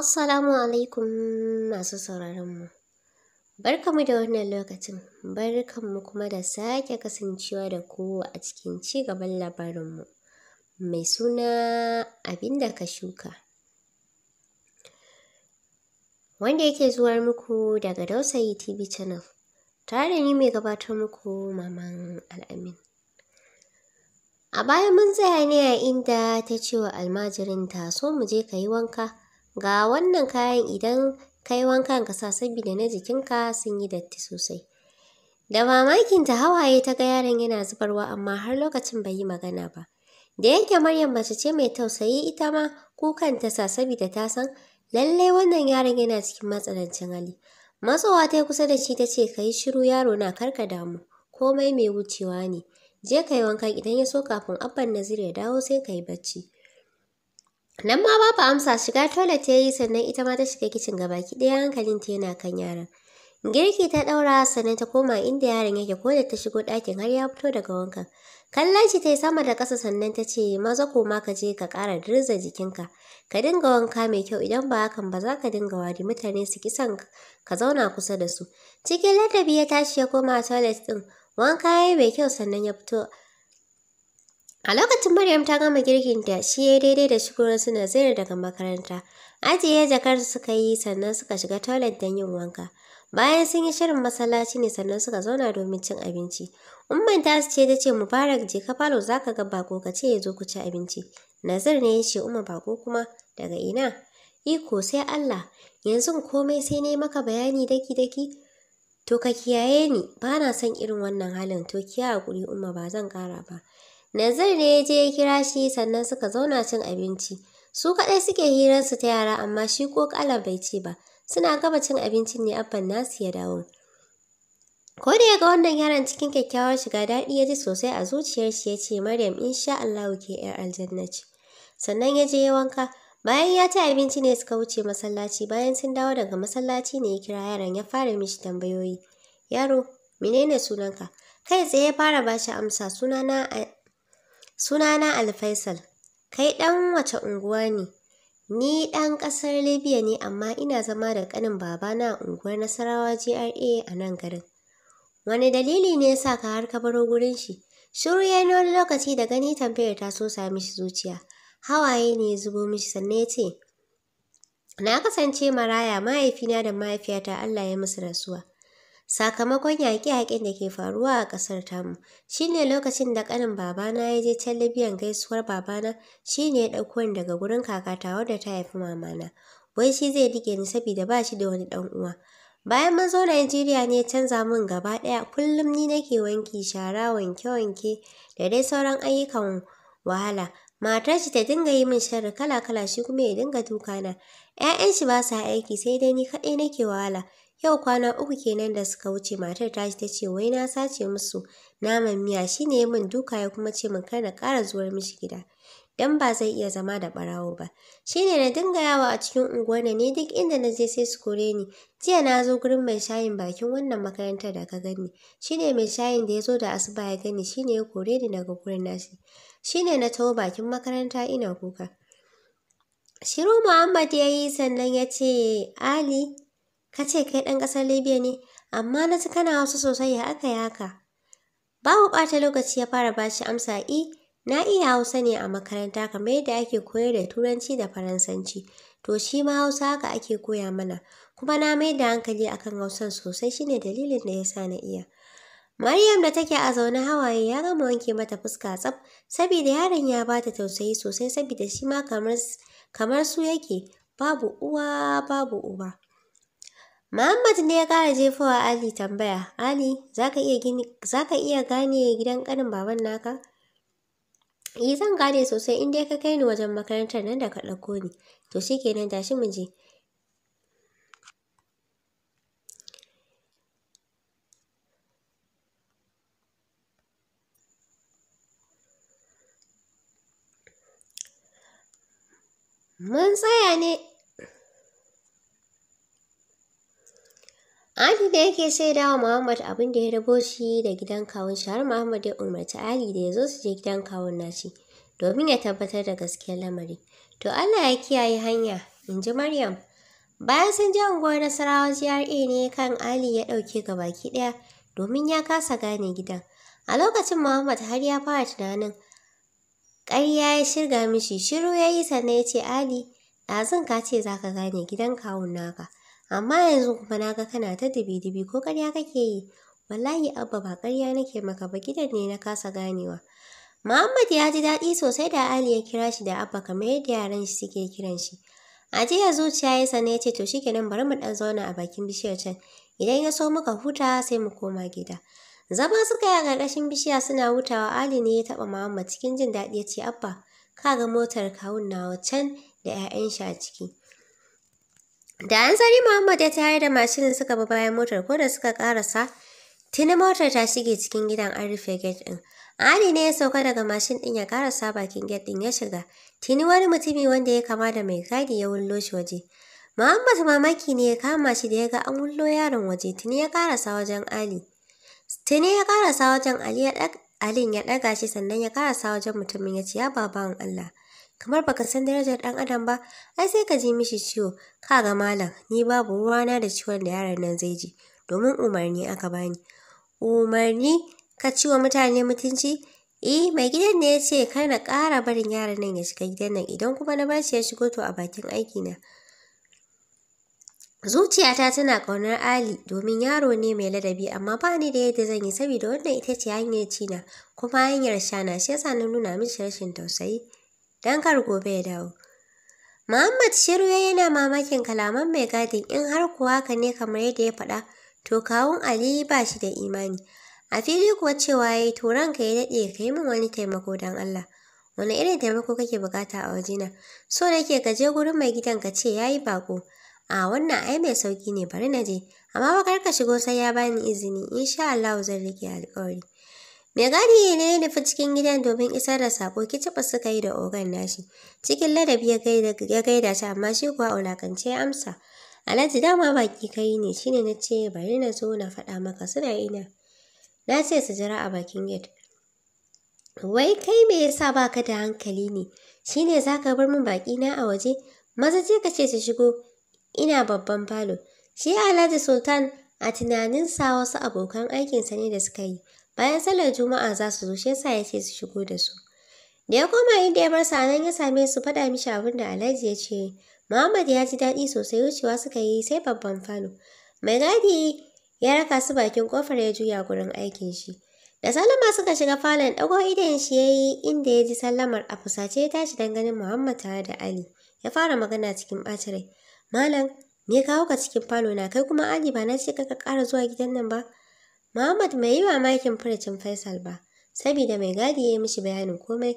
Assalamu alaikum masu sauraronmu. mu da wannan lokacin, mu kuma da sake kasancewa da ku a cikin ci gaban labarinmu mai suna abinda ka shuka. Wanda yake zuwa muku daga Dausayi TV Channel, tare ni mai gabatar muku Maman Al'amin. A baya mun tsaya ne a inda ta ce wa almajirin ta so mu je ka yi wanka. ga wannan kayan idan kai wankan ka sa saboda na jikinka sun yi datti sosai da mamakin ta hawaye ta ga yaron yana zubarwa amma har lokacin bai yi magana ba da yake maryam mace ce mai tausayi ita ma kukan ta sa saboda ta san lalle wannan yaron yana cikin matsanancin hali matsowa ta kusa da shi ta ce ka yi shiru yaro na kar ka damu komai mai wucewa ne je ka yi wanka idan ya so kafin abban nazir ya dawo sai ka yi bacci Nan ma babu amsa shiga toilet ya yi sannan ita ma ta shiga kicin gabaki ɗaya ta yana kan yaran. Girki ta ɗaura sannan ta koma inda yaron yake ko da ta shigo ɗakin har ya fito daga wanka. Kallon shi ta yi sama da ƙasa sannan ta ce maza ma ka je ka ƙara dirza jikinka. Ka dinga wanka mai kyau idan ba hakan ba za ka dinga wari mutane su ki ka zauna kusa da su. Cikin ladabi ya tashi ya koma toilet ɗin wanka ya yi mai kyau sannan ya fito A lokacin Maryam ta gama girkinta, shi ya daidai da shigowar suna zira daga makaranta. Ajiye jakar suka yi sannan suka shiga toilet don yin wanka. Bayan sun yi shirin masallaci ne sannan suka zauna domin cin abinci. Umman ta ce ta ce Mubarak je ka falo za ka ga bako ka ce ya zo ku ci abinci. Nazir ne ya ce Umma bako kuma daga ina? Iko sai Allah, yanzu komai sai ne maka bayani daki-daki. To ka kiyaye ni, ba na son irin wannan halin to kiya hakuri Umma ba zan kara ba. Nazar ne ya je ya kira shi sannan suka zauna cin abinci. Su kaɗai suke hirarsu ta yara amma shi ko ƙalar bai ce ba. Suna gama cin abincin ne abban nasu ya dawo. Ko da ya ga wannan yaran cikin kyakkyawar shiga daɗi ya ji sosai a zuciyar shi ya ce Maryam insha Allahu ke ‘yar aljanna Sannan ya je ya wanka. Bayan ya ci abinci ne suka wuce masallaci bayan sun dawo daga masallaci ne ya kira yaran ya fara mishi tambayoyi. Yaro, menene sunanka? Kai tsaye ya fara bashi amsa sunana Sunana Alfaisal. Kai ɗan wace unguwa ne? Ni ɗan ƙasar Libya ne amma ina zama da ƙanin babana a unguwar Nasarawa GRA a nan garin. Wani dalili ne sa ka har ka baro gurin shi? Shiru ya yi wani lokaci da gani tambayar ta so sa mishi zuciya. Hawaye ne ya zubo mishi sannan ya ce, Na kasance maraya mahaifina da mahaifiyata Allah ya musu rasuwa. sakamakon yaƙe-yaƙen da ke faruwa a ƙasar tamu. Shi ne lokacin da ƙanin babana ya je can Libyan gaisuwar babana shi ne ya ɗauko ni daga gurin kakata wadda ta haifi mamana. Wai shi zai rike ni saboda ba shi da wani ɗan uwa. Bayan mun zo Najeriya ne canza mun gaba ɗaya kullum ni nake wanki shara wanke-wanke da dai sauran ayyukan wahala. Matar shi ta dinga yi min sharri kala-kala shi kuma ya dinga tukana na. ‘Ya'yan shi ba sa aiki sai dai ni kaɗai nake wahala. Yau kwana uku kenan da suka wuce matar ta ta ce wai na sace musu naman miya shine min duka ya kuma ce min kar na ƙara zuwar mishi gida. Dan ba zai iya zama da ɓarawo ba. Shine na dinga yawa a cikin unguwar ne duk inda na je sai su kore ni. Jiya na zo gurin mai shayin bakin wannan makarantar da ka gani. Shine mai shayin da ya zo da asuba ya gani shine ya kore ni daga gurin nashi. Shine na taho bakin makaranta ina kuka. Shiru Muhammad ya yi sannan ya ce, Ali, Ka ce kai ɗan ƙasar Libya ne, amma na ji kana Hausa sosai ya aka yaka haka. Babu ɓata lokaci ya fara bashi amsa i, e, na iya Hausa ne a makaranta kamar yadda ake koyar da Turanci da Faransanci. To shi ma Hausa haka ake koya mana, kuma na mai da hankali akan Hausan sosai shine dalilin da ya sa na iya. Maryam da take a zaune hawaye ya gama wanke mata fuska tsaf saboda yaron ya bata tausayi sosai saboda shi ma kamar su yake babu uwa babu uba. Muhammad ne ya ƙara jefawa Ali tambaya, Ali, za ka iya gane gidan kanin baban naka? Yi eh, zan gane sosai in dai ka kai ni wajen makarantar nan da ka ɗauko ni. To shi kenan tashi mu je. Mun tsaya ne Ali da yake shaida wa Muhammad abin da ya rabo shi da gidan kawun shi har Muhammad ya umarci Ali da ya zo su je gidan kawun nashi domin ya tabbatar da gaskiyar lamari. To Allah ya kiyaye hanya, in ji Maryam. Bayan sun je unguwar Nasarawa GRA ne kan Ali ya ɗauke ga baki ɗaya domin ya kasa gane gidan. A lokacin Muhammad har ya fara tunanin ƙarya ya shirga mishi shiru ya yi sannan ya ce Ali ɗazun ka ce za ka gane gidan kawun naka. Amma yanzu kuma na ga kana ta dibi-dibi ko karya kake yi. Wallahi Abba ba karya nake maka ba gidan ne na kasa ganewa. Muhammad ya ji daɗi sosai da Ali ya kira shi da Abba kamar yadda yaran shi suke kiran shi. A jiya zuciya ya sane ya ce to shi kenan bari mu ɗan zauna a bakin bishiyar can. Idan ya so muka huta sai mu koma gida. Zama suka yi a ƙarƙashin bishiya suna hutawa Ali ne ya taɓa Muhammad cikin jin daɗi ya ce Abba ka ga motar kawun nawa can da 'ya'yan shi a ciki. Da an sani Muhammad ya tayar da mashin suka bi bayan motar ko da suka karasa, tuni motar ta shige cikin gidan an rufe gate ɗin. Ali ne ya sauka daga mashin ɗin ya karasa bakin gate ɗin ya shiga. Tuni wani mutumi wanda ya kama da mai gadi ya wullo shi waje. Muhammad mamaki ne ya kama shi da ya ga an wullo yaron waje tuni ya karasa wajen Ali. Tuni ya karasa wajen Ali ya ɗaga shi sannan ya karasa wajen mutumin ya ce ya baban Allah. kamar baka san darajar dan adam ba ai sai ka ji mishi ciwo Ka ga malam ni babu ruwana da ciwon da yaran nan zai ji domin umarni aka bani umarni ka ciwo mutane mutunci eh mai gidan ne ya ce kar na kara barin yaran nan ya shiga gidan nan idan kuma na bashi ya shigo to a bakin aiki na Zuciyata tana ƙaunar Ali domin yaro ne mai ladabi amma ba ni da yadda zan yi saboda wannan ita ce hanyar cina kuma hanyar shana shi yasa na nuna mishi rashin tausayi. don kar gobe ya dawo. Muhammad shiru ya yana mamakin kalaman mai gadin in har kuwa ka ne kamar yadda ya faɗa to kawun Ali ba shi da imani. A fili kuwa cewa ya yi to ranka ya daɗe ka yi min wani taimako don Allah. Wani irin taimako kake bukata a wajena? So nake ka je gurin mai gidan ka ce ya yi bako. A wannan ai mai sauki ne bari na je. Amma ba kar ka shigo sai ya bani izini insha Allah zan rike alƙawari. Mai gadi ne ya nufi cikin gidan domin isar da sako kiciba suka yi da ogan nashi. Cikin ladabi ya gaida shi amma shi kuwa a ya amsa. Alhaji dama baki kai ne shine na ce bari na zo na faɗa maka suna ina. Na ce su jira a bakin gate. Wai kai me yasa baka da hankali ne? Shine zaka bar min baki na a waje? Maza ce kace su shigo. Ina babban falo. Shi Alhaji Sultan a tunanin sa wasu abokan aikinsa ne da suka yi. bayan sallar juma'a za su zo shi yasa ya ce su shigo da su da ya koma inda ya bar sa nan ya same su faɗa mishi abin da alhaji ya ce muhammad ya ji daɗi sosai wucewa suka yi sai babban falo mai gadi ya raka su bakin kofar ya juya gurin aikin shi da Salama suka shiga falon ɗago idan shi ya yi inda ya ji sallamar a fusace ya tashi don ganin muhammad tare da ali ya fara magana cikin ɓacin rai malam me kawo ka cikin falo na kai kuma ali ba na ce ka ƙara zuwa gidan nan ba Muhammad bai yi mamakin furcin Faisal ba, saboda mai gadi ya yi mishi bayanin komai.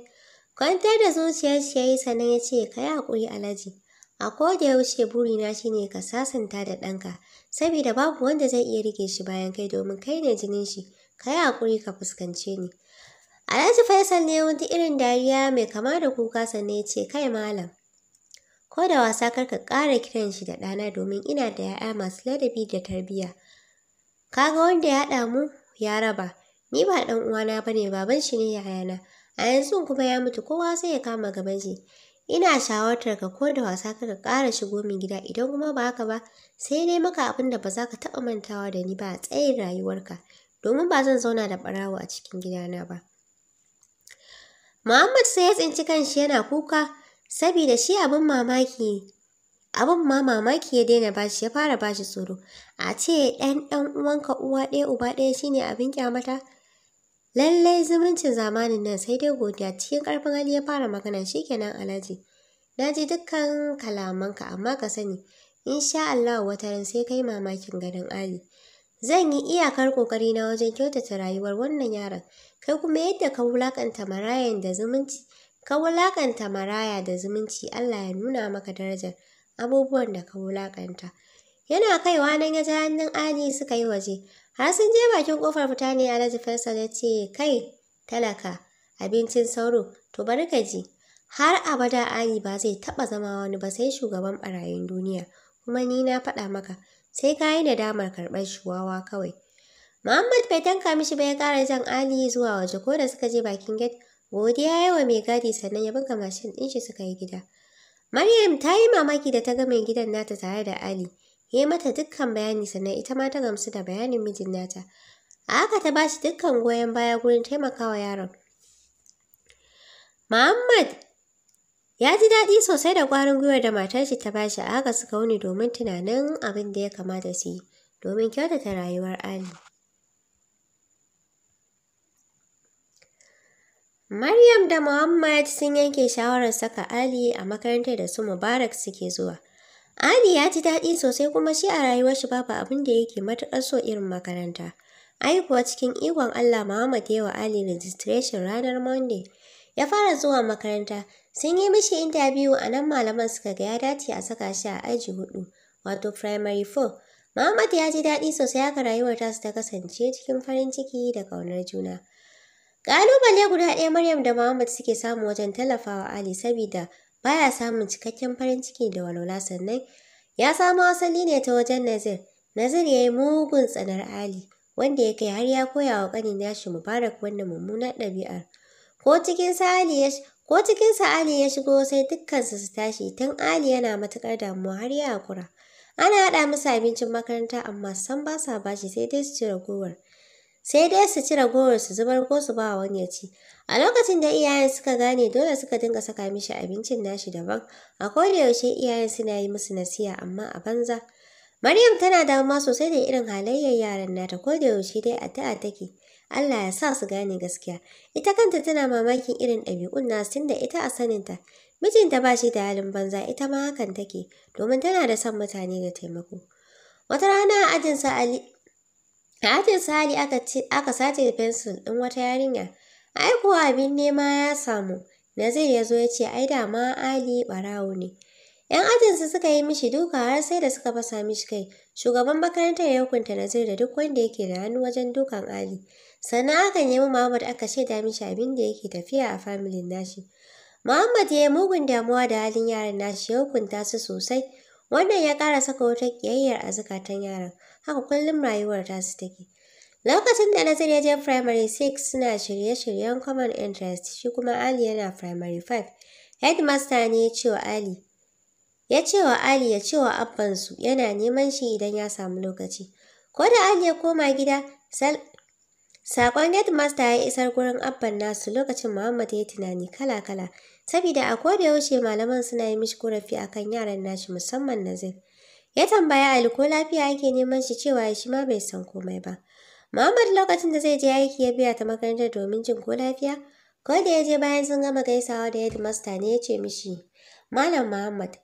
Kwantar da zuciyar shi ya yi sannan ya ce, ka yi haƙuri Alhaji. A koda yaushe burina shine ka sasanta da ɗanka, saboda babu wanda zai iya rike shi bayan kai domin kai ne jinin shi, ka yi haƙuri ka fuskance ni. Alhaji Faisal ne wata irin dariya mai kama da kuka sannan ya ce, kai malam. Ko da wasa karka ƙara kiran shi da ɗana domin ina da 'ya'ya masu ladabi da tarbiyya. Kaga wanda ya haɗa mu ya raba. Ni ba ɗan uwana bane baban shi ne yayana. A yanzu kuma ya mutu kowa sai ya kama gaban shi. Ina shawartar ka ko da wasa kaka ƙara shigo min gida idan kuma ba haka ba sai dai maka abin da ba za ka taɓa mantawa da ni ba a tsayin rayuwarka. Domin ba zan zauna da ɓarawo a cikin gidana ba. Muhammad sai ya tsinci kanshi yana kuka Sabida shi abin mamaki Abin ma mamaki ya daina bashi ya fara bashi tsoro. A ce ɗan ɗan uwanka uwa ɗaya uba ɗaya shine abin kyamata? Lallai zumuncin zamanin nan sai dai godiya cikin ƙarfin hali ya fara magana shi shikenan Alhaji. Na ji dukkan kalamanka amma ka sani insha Allah wata ran sai kai mamakin gadon Ali. Zan yi iyakar kokari na wajen kyautata rayuwar wannan yaron. Kai kuma yadda ka wulakanta marayan da zumunci, ka wulaƙanta maraya da zumunci Allah ya nuna maka darajar. abubuwan da ka wulaƙanta. Yana kaiwa nan ya ji hannun Ali suka yi waje. Har sun je bakin ƙofar fita ne Alhaji Faisal ya ce, Kai, talaka, abincin sauro, to bari ka ji. Har abada Ali ba zai taɓa zama wani ba sai shugaban ɓarayin duniya. Kuma ni na faɗa maka, sai ka yi nadamar karɓar shuwawa kawai. Muhammad bai tanka mishi ba ya ƙara jan Ali zuwa waje ko da suka je bakin gate. Godiya yawa mai gadi sannan ya buga mashin ɗin shi suka yi gida. Maryam ta yi mamaki da ta ga mai gidan nata tare da Ali. Ya yi mata dukkan bayani sannan ita ma ta gamsu da bayanin mijin nata. A haka ta bashi dukkan goyon baya gurin taimakawa yaron. Muhammad ya ji daɗi sosai da ƙwarin gwiwar da matar shi ta bashi a haka suka wuni domin tunanin abin da ya kamata su yi domin kyautata rayuwar Ali. Maryam da Muhammad sun yanke shawarar saka Ali a makarantar da su Mubarak suke zuwa. Ali ya ji daɗi sosai kuma shi a rayuwar shi babu abin da yake matuƙar so irin makaranta. Ai kuwa cikin ikon Allah Muhammad ya wa Ali registration ranar Monday. Ya fara zuwa makaranta, sun yi mishi interview a nan malaman suka ga ya dace a saka shi a aji hudu, wato primary four. Muhammad ya ji daɗi sosai haka rayuwar ta su ta kasance cikin farin ciki da ƙaunar juna. Ƙalubale guda ɗaya Maryam da Muhammad suke samu wajen tallafawa Ali saboda baya samun cikakken farin ciki da walwala sannan ya samo asali ne ta wajen Nazir. Nazir ya yi mugun tsanar Ali wanda ya kai har ya koya wa ƙanin nashi Mubarak wannan mummunar ɗabi'ar. Ko cikin sa Ali ya ko cikin sa Ali ya shigo sai dukkansu su tashi tun Ali yana matuƙar damuwa har ya hakura. Ana haɗa musu abincin makaranta amma san ba sa bashi sai dai su ci ragowar. sai dai su ci ragowar su zubar ko su ba wani ya ci a lokacin da iyayen suka gane dole suka dinga saka mishi abincin nashi daban a yaushe iyayen suna yi musu nasiya amma a banza maryam tana damuwa sosai da irin halayyar yaran nata yaushe dai a ta'a take Allah ya sa su gane gaskiya ita kanta tana mamakin irin ɗabi'un nasu tunda ita a saninta mijinta ba shi da halin banza ita ma hakan take domin tana da son mutane da taimako wata rana a ajin ajinsa ali A ajin Sali aka sace da fensil ɗin wata yarinya. Ai kuwa abin nema ya samu. zai ya zo ya ce ai da ma Ali ɓarawo ne. ‘Yan ajinsu suka yi mishi duka har sai da suka fasa mishi kai. Shugaban makarantar ya hukunta Nazir da duk wanda yake da hannu wajen dukan Ali. Sannan aka nemi Muhammad aka shaida mishi abin da yake tafiya a familin nashi. Muhammad ya yi mugun damuwa da halin yaran nashi ya hukunta su sosai. Wannan ya ƙara saka wata ƙiyayyar a zukatan yaran, haka kullum rayuwar tasu take. Lokacin da na ya je Primary 6 suna shirye-shiryen Common Interest, shi kuma Ali yana Primary 5. Headmaster ne ya ce wa Ali, ya ce wa Ali ya ce abbansu yana neman shi idan ya samu lokaci. Ko da Ali ya koma gida, Sakon headmaster ya isar gurin abban nasu lokacin Muhammad ya tunani kala-kala Sabida a koda yaushe malaman suna yi mishi korafi akan yaran nashi musamman na zai. Ya tambaya Ali ko lafiya yake neman shi cewa shi ma bai san komai ba. Muhammad lokacin da zai je aiki ya biya ta makarantar domin jin ko lafiya, ko da ya je bayan sun gama gaisawa da headmaster ne ya ce mishi, Malam Muhammad,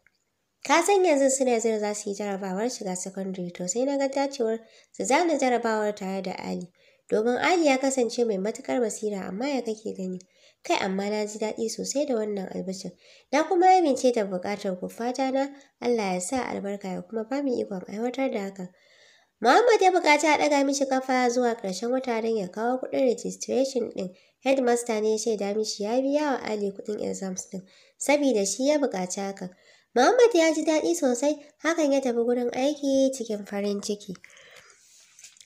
ka san yanzu suna zai za su yi jarabawar shiga sakandare? to sai na ga dacewar su zana jarabawar tare da Ali. Domin Ali ya kasance mai matukar basira amma ya kake gani. Kai amma na ji daɗi sosai da wannan albashin. Na kuma amince da buƙatar ku fata na Allah ya sa albarka ya kuma ba mu ikon aiwatar da hakan. Muhammad ya buƙaci a ɗaga mishi kafa zuwa ƙarshen wata don ya kawo kuɗin registration ɗin. Headmaster ne ya shaida mishi ya biya wa Ali kuɗin exams ɗin, saboda shi ya buƙaci hakan. Muhammad ya ji daɗi sosai, hakan ya tafi gurin aiki cikin farin ciki.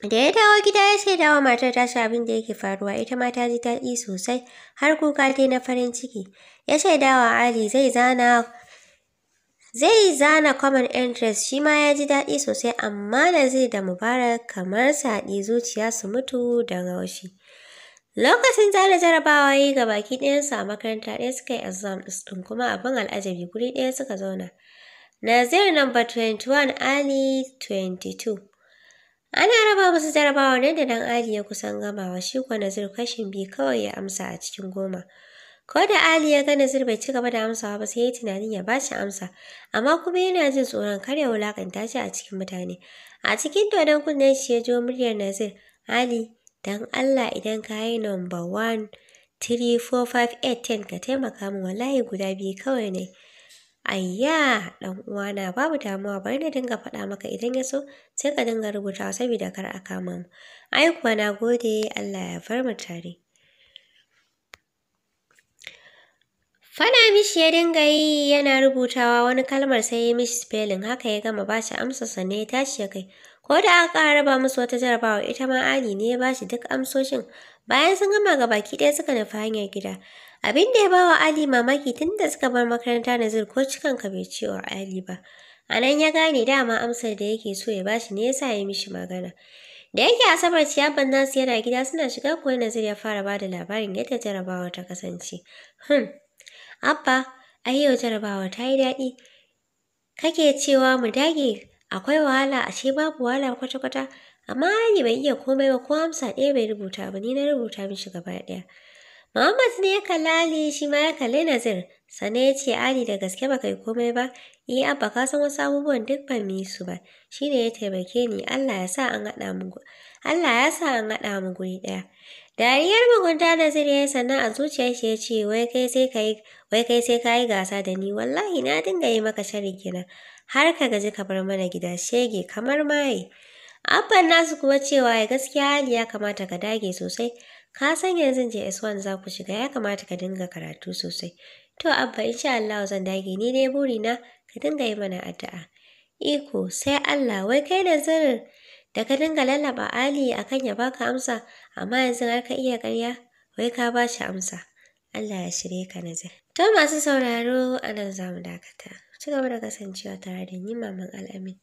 Da ya dawo gida ya sai dawo matar ta abin da yake faruwa ita ma ta ji daɗi sosai har kuka ta na farin ciki. Ya shaidawa Ali zai zana zai zana common interest shi ma ya ji daɗi sosai amma da zai da mubarak kamar saɗi zuciya su mutu da raushi. Lokacin zana jarabawa yi ga baki ɗayansu a makaranta ɗaya suka yi exam ɗin kuma abin al'ajabi guri ɗaya suka zauna. Nazir number 21 Ali 22. Ana raba musu jarabawa ne da dan Ali ya kusan gamawa shi kuwa Nazir kashin biyu kawai ya amsa a cikin goma. Ko da Ali ya ga Nazir bai ci gaba da amsawa ba sai ya yi tunanin ya ba shi amsa, amma kuma yana jin tsoron kar ya wulakanta shi a cikin mutane. A cikin dodon kunnen shi ya jo muryar Nazir, Ali, dan Allah idan ka yi number one, three, four, five, eight, ten ka taimaka min wallahi guda biyu kawai ne. Ayya ɗan uwana babu damuwa bari na dinga faɗa maka idan ya so sai ka dinga rubutawa saboda kar a kama mu. Ai kuwa na gode Allah ya bar mu tare. Fana mishi ya dinga yi yana rubutawa wani kalmar sai ya mishi spelling haka ya gama ba shi amsa sannan ya tashi ya kai. Ko da aka ƙara raba musu wata jarabawa ita ma Ali ne ya ba shi duk amsoshin. Bayan sun gama ga baki ɗaya suka nufi hanyar gida. Abin da ya ba wa Ali mamaki tun da suka bar makaranta na zir ko cikan ka bai ce wa Ali ba. A nan ya gane dama amsar da yake so ya ba shi ne yasa ya mishi magana. Da yake Asabar ciyaban nasu yana gida suna shiga kuwa Nazir ya fara ba da labarin yadda jarabawa ta kasance. Hmm. Abba, ai yau jarabawa ta yi daɗi. Kake cewa mu dage akwai wahala a ashe babu wahala kwata-kwata amma ni bai iya komai ba ko amsa ɗaya bai rubuta ba ni na rubuta mishi gaba ɗaya. Muhammad ne ya kalli Ali shi ma ya kalli Nazir sannan ya ce Ali da gaske ba kai komai ba eh abba ka san wasu abubuwan duk ban yi su ba shine ya taimake ni Allah ya sa an haɗa mu Allah ya sa an haɗa mu guri ɗaya. Dariyar mugunta na ya sannan a zuciyar shi ya ce wai kai sai ka yi wai kai sai ka yi gasa da ni wallahi na dinga yi maka shari kenan har ka gaji ka bar mana gida shege kamar maye. Abban nasu kuwa cewa ya gaskiya hali ya kamata ka dage sosai ka san yanzu je S1 za ku shiga ya kamata ka dinga karatu sosai. To abba insha Allah zan dage ni dai burina ka dinga yi mana addu'a. Iko sai Allah wai kai da zirin da ka dinga lallaba Ali akan ya baka amsa amma yanzu har ka iya ƙarya wai ka ba shi amsa Allah ya shirye ka nazar to masu sauraro a nan za mu dakata ci gaba da kasancewa tare da ni maman al'amin